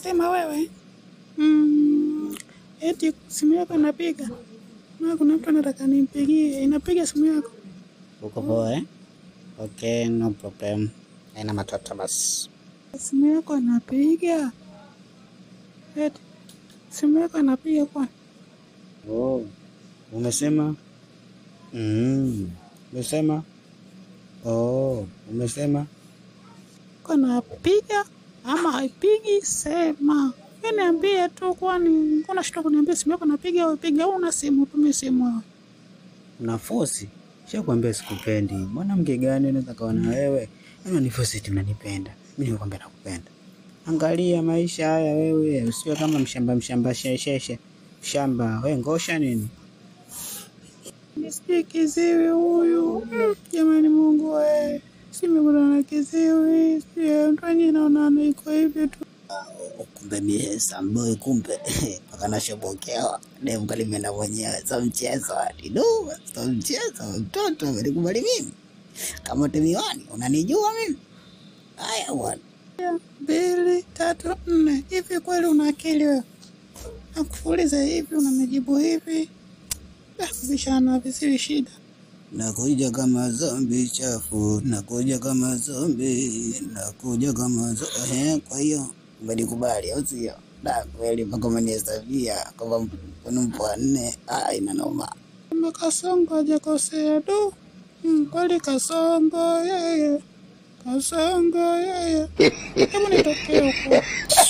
mzima wewe? Mm, eti simu yako inapiga? Na kuna mtu anataka nimpigie, inapiga simu yako? Uko poa eh? Okay, no problem. Haina matata basi. Simu yako inapiga? Eti simu yako inapiga kwa? Oh, umesema? Mm, umesema? Oh, umesema? Kana piga ama haipigi sema. Mimi niambie tu, kwani kuna shida kuniambia simu yako napiga au ipiga au Una simu tumie simu wewe. Na force kuambia sikupendi. Mwanamke gani anaweza kawa na wewe? Ana ni force tu unanipenda. Mimi nikwambia nakupenda. Angalia maisha haya wewe, usiwe kama mshamba mshamba shesheshe. Mshamba wewe ngosha nini? Nisikie kiziwi huyu. Hmm, jamani Mungu wewe kiziwi siendwenye naonana iko hivyo tu. Kumbe mie samboy, kumbe akanashobokewa dem kalimena mwenyewe, so mchezo adidu, so mchezo mtoto amenikubali mimi kama temiwani, unanijua mimi. Haya bwana, mbili tatu nne. Hivi kweli una akili wewe? Nakuuliza hivi, unanijibu hivi. Vishana visiwi shida. Nakuja kama zombi chafu, nakuja kama zombi, nakuja kama zombi. Kwa hiyo mmelikubali, au sio? Na kweli mpaka umenihesabia kwamba kuna mpwa nne. Ah, inanoma. Kasongo hajakosea tu hmm, kweli, Kasongo yeye, Kasongo yeye, kama nitokea huko